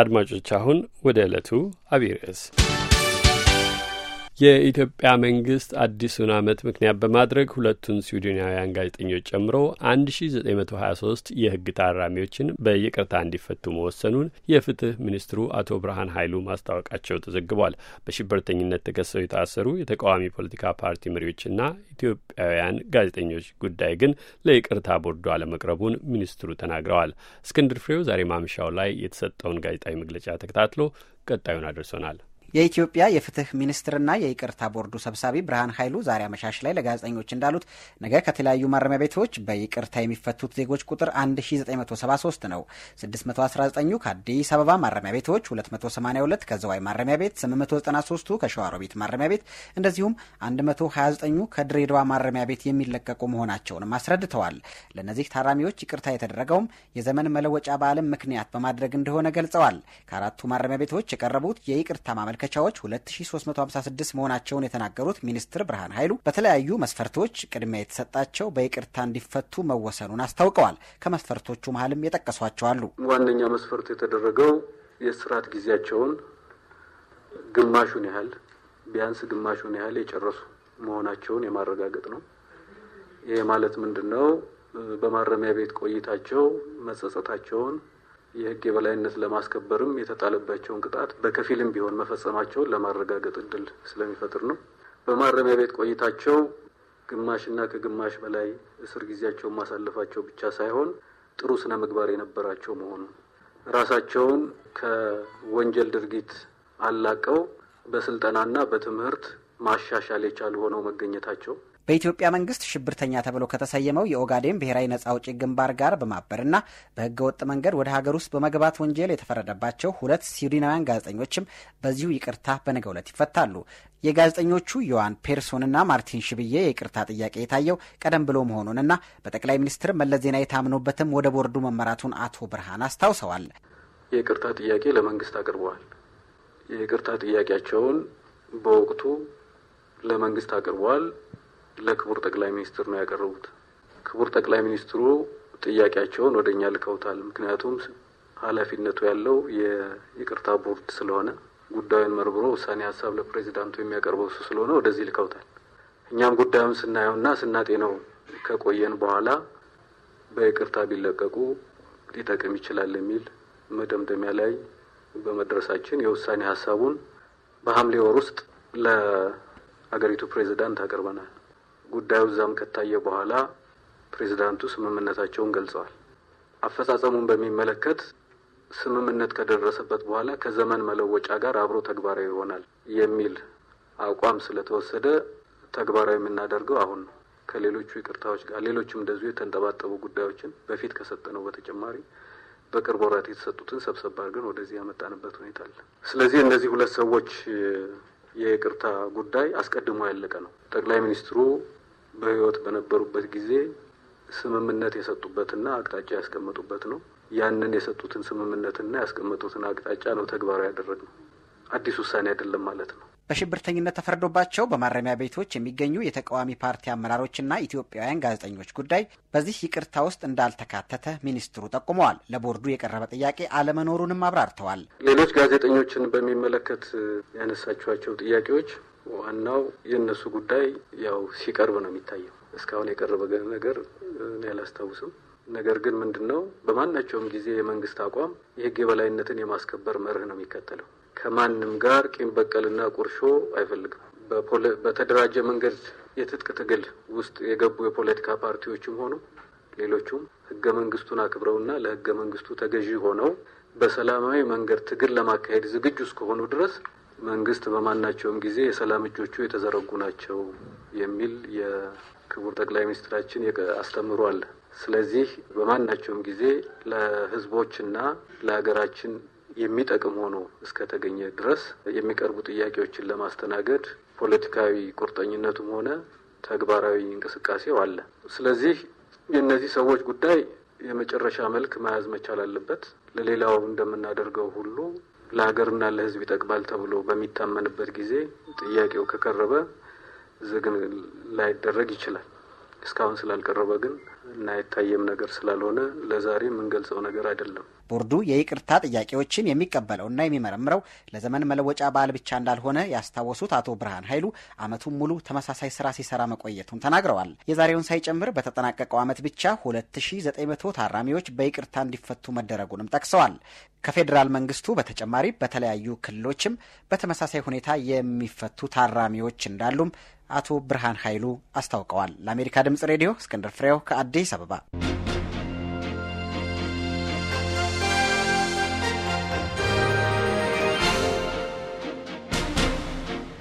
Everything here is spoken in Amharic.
አድማጮች አሁን ወደ ዕለቱ አብይ ርዕስ የኢትዮጵያ መንግስት አዲሱን ዓመት ምክንያት በማድረግ ሁለቱን ስዊድናውያን ጋዜጠኞች ጨምሮ 1923 የህግ ታራሚዎችን በይቅርታ እንዲፈቱ መወሰኑን የፍትህ ሚኒስትሩ አቶ ብርሃን ኃይሉ ማስታወቃቸው ተዘግቧል። በሽብርተኝነት ተከሰው የታሰሩ የተቃዋሚ ፖለቲካ ፓርቲ መሪዎችና ኢትዮጵያውያን ጋዜጠኞች ጉዳይ ግን ለይቅርታ ቦርዱ አለመቅረቡን ሚኒስትሩ ተናግረዋል። እስክንድር ፍሬው ዛሬ ማምሻው ላይ የተሰጠውን ጋዜጣዊ መግለጫ ተከታትሎ ቀጣዩን አድርሶናል። የኢትዮጵያ የፍትህ ሚኒስትርና የይቅርታ ቦርዱ ሰብሳቢ ብርሃን ኃይሉ ዛሬ አመሻሽ ላይ ለጋዜጠኞች እንዳሉት ነገ ከተለያዩ ማረሚያ ቤቶች በይቅርታ የሚፈቱት ዜጎች ቁጥር 1973 ነው። 619ኙ ከአዲስ አበባ ማረሚያ ቤቶች፣ 282 ከዘዋይ ማረሚያ ቤት፣ 893ቱ ከሸዋሮቢት ማረሚያ ቤት እንደዚሁም 129ኙ ከድሬዳዋ ማረሚያ ቤት የሚለቀቁ መሆናቸውንም አስረድተዋል። ለእነዚህ ታራሚዎች ይቅርታ የተደረገውም የዘመን መለወጫ በዓልን ምክንያት በማድረግ እንደሆነ ገልጸዋል። ከአራቱ ማረሚያ ቤቶች የቀረቡት የይቅርታ ማመል ማመልከቻዎች 2356 መሆናቸውን የተናገሩት ሚኒስትር ብርሃን ኃይሉ በተለያዩ መስፈርቶች ቅድሚያ የተሰጣቸው በይቅርታ እንዲፈቱ መወሰኑን አስታውቀዋል። ከመስፈርቶቹ መሀልም የጠቀሷቸው አሉ። ዋነኛ መስፈርት የተደረገው የስርዓት ጊዜያቸውን ግማሹን ያህል ቢያንስ ግማሹን ያህል የጨረሱ መሆናቸውን የማረጋገጥ ነው። ይሄ ማለት ምንድን ነው? በማረሚያ ቤት ቆይታቸው መጸጸታቸውን የህግ የበላይነት ለማስከበርም የተጣለባቸውን ቅጣት በከፊልም ቢሆን መፈጸማቸውን ለማረጋገጥ እድል ስለሚፈጥር ነው። በማረሚያ ቤት ቆይታቸው ግማሽና ከግማሽ በላይ እስር ጊዜያቸውን ማሳለፋቸው ብቻ ሳይሆን ጥሩ ስነ ምግባር የነበራቸው መሆኑ ራሳቸውን ከወንጀል ድርጊት አላቀው በስልጠናና በትምህርት ማሻሻል የቻሉ ሆነው መገኘታቸው በኢትዮጵያ መንግስት ሽብርተኛ ተብሎ ከተሰየመው የኦጋዴን ብሔራዊ ነጻ አውጪ ግንባር ጋር በማበርና በህገወጥ መንገድ ወደ ሀገር ውስጥ በመግባት ወንጀል የተፈረደባቸው ሁለት ስዊድናውያን ጋዜጠኞችም በዚሁ ይቅርታ በነገ ዕለት ይፈታሉ። የጋዜጠኞቹ ዮሐን ፔርሶንና ማርቲን ሽብዬ የይቅርታ ጥያቄ የታየው ቀደም ብሎ መሆኑንና በጠቅላይ ሚኒስትር መለስ ዜናዊ የታምኖበትም ወደ ቦርዱ መመራቱን አቶ ብርሃን አስታውሰዋል። የይቅርታ ጥያቄ ለመንግስት አቅርበዋል። የይቅርታ ጥያቄያቸውን በወቅቱ ለመንግስት አቅርበዋል። ለክቡር ጠቅላይ ሚኒስትር ነው ያቀረቡት። ክቡር ጠቅላይ ሚኒስትሩ ጥያቄያቸውን ወደ እኛ ልከውታል። ምክንያቱም ኃላፊነቱ ያለው የይቅርታ ቦርድ ስለሆነ ጉዳዩን መርምሮ ውሳኔ ሀሳብ ለፕሬዚዳንቱ የሚያቀርበው እሱ ስለሆነ ወደዚህ ልከውታል። እኛም ጉዳዩን ስናየውና ስናጤነው ከቆየን በኋላ በይቅርታ ቢለቀቁ ሊጠቅም ይችላል የሚል መደምደሚያ ላይ በመድረሳችን የውሳኔ ሀሳቡን በሐምሌ ወር ውስጥ ለአገሪቱ ፕሬዚዳንት አቅርበናል። ጉዳዩ እዛም ከታየ በኋላ ፕሬዚዳንቱ ስምምነታቸውን ገልጸዋል። አፈጻጸሙን በሚመለከት ስምምነት ከደረሰበት በኋላ ከዘመን መለወጫ ጋር አብሮ ተግባራዊ ይሆናል የሚል አቋም ስለተወሰደ ተግባራዊ የምናደርገው አሁን ነው። ከሌሎቹ ይቅርታዎች ጋር ሌሎችም እንደዚሁ የተንጠባጠቡ ጉዳዮችን በፊት ከሰጠነው በተጨማሪ በቅርብ ወራት የተሰጡትን ሰብሰብ አድርገን ወደዚህ ያመጣንበት ሁኔታ አለ። ስለዚህ እነዚህ ሁለት ሰዎች የይቅርታ ጉዳይ አስቀድሞ ያለቀ ነው። ጠቅላይ ሚኒስትሩ በህይወት በነበሩበት ጊዜ ስምምነት የሰጡበትና አቅጣጫ ያስቀመጡበት ነው። ያንን የሰጡትን ስምምነትና ያስቀመጡትን አቅጣጫ ነው ተግባራዊ ነው። አዲስ ውሳኔ አይደለም ማለት ነው። በሽብርተኝነት ተፈርዶባቸው በማረሚያ ቤቶች የሚገኙ የተቃዋሚ ፓርቲ አመራሮችና ኢትዮጵያውያን ጋዜጠኞች ጉዳይ በዚህ ይቅርታ ውስጥ እንዳልተካተተ ሚኒስትሩ ጠቁመዋል። ለቦርዱ የቀረበ ጥያቄ አለመኖሩንም አብራርተዋል። ሌሎች ጋዜጠኞችን በሚመለከት ያነሳችኋቸው ጥያቄዎች ዋናው የእነሱ ጉዳይ ያው ሲቀርብ ነው የሚታየው። እስካሁን የቀረበ ነገር እኔ አላስታውስም። ነገር ግን ምንድን ነው በማናቸውም ጊዜ የመንግስት አቋም የህግ የበላይነትን የማስከበር መርህ ነው የሚከተለው። ከማንም ጋር ቂም በቀልና ቁርሾ አይፈልግም። በተደራጀ መንገድ የትጥቅ ትግል ውስጥ የገቡ የፖለቲካ ፓርቲዎችም ሆኑ ሌሎቹም ህገ መንግስቱን አክብረውና ለህገ መንግስቱ ተገዢ ሆነው በሰላማዊ መንገድ ትግል ለማካሄድ ዝግጁ እስከሆኑ ድረስ መንግስት በማናቸውም ጊዜ የሰላም እጆቹ የተዘረጉ ናቸው የሚል የክቡር ጠቅላይ ሚኒስትራችን አስተምሮ አለ። ስለዚህ በማናቸውም ጊዜ ለህዝቦችና ለሀገራችን የሚጠቅም ሆኖ እስከተገኘ ድረስ የሚቀርቡ ጥያቄዎችን ለማስተናገድ ፖለቲካዊ ቁርጠኝነቱም ሆነ ተግባራዊ እንቅስቃሴው አለ። ስለዚህ የእነዚህ ሰዎች ጉዳይ የመጨረሻ መልክ መያዝ መቻል አለበት። ለሌላው እንደምናደርገው ሁሉ ለሀገርና ለሕዝብ ይጠቅማል ተብሎ በሚታመንበት ጊዜ ጥያቄው ከቀረበ ዝግን ላይደረግ ይችላል። እስካሁን ስላልቀረበ ግን እና የታየም ነገር ስላልሆነ ለዛሬ የምንገልጸው ነገር አይደለም። ቦርዱ የይቅርታ ጥያቄዎችን የሚቀበለውና የሚመረምረው ለዘመን መለወጫ በዓል ብቻ እንዳልሆነ ያስታወሱት አቶ ብርሃን ኃይሉ ዓመቱን ሙሉ ተመሳሳይ ስራ ሲሰራ መቆየቱን ተናግረዋል። የዛሬውን ሳይጨምር በተጠናቀቀው ዓመት ብቻ 2900 ታራሚዎች በይቅርታ እንዲፈቱ መደረጉንም ጠቅሰዋል። ከፌዴራል መንግስቱ በተጨማሪ በተለያዩ ክልሎችም በተመሳሳይ ሁኔታ የሚፈቱ ታራሚዎች እንዳሉም አቶ ብርሃን ኃይሉ አስታውቀዋል። ለአሜሪካ ድምጽ ሬዲዮ እስክንድር ፍሬው ከአዲስ አበባ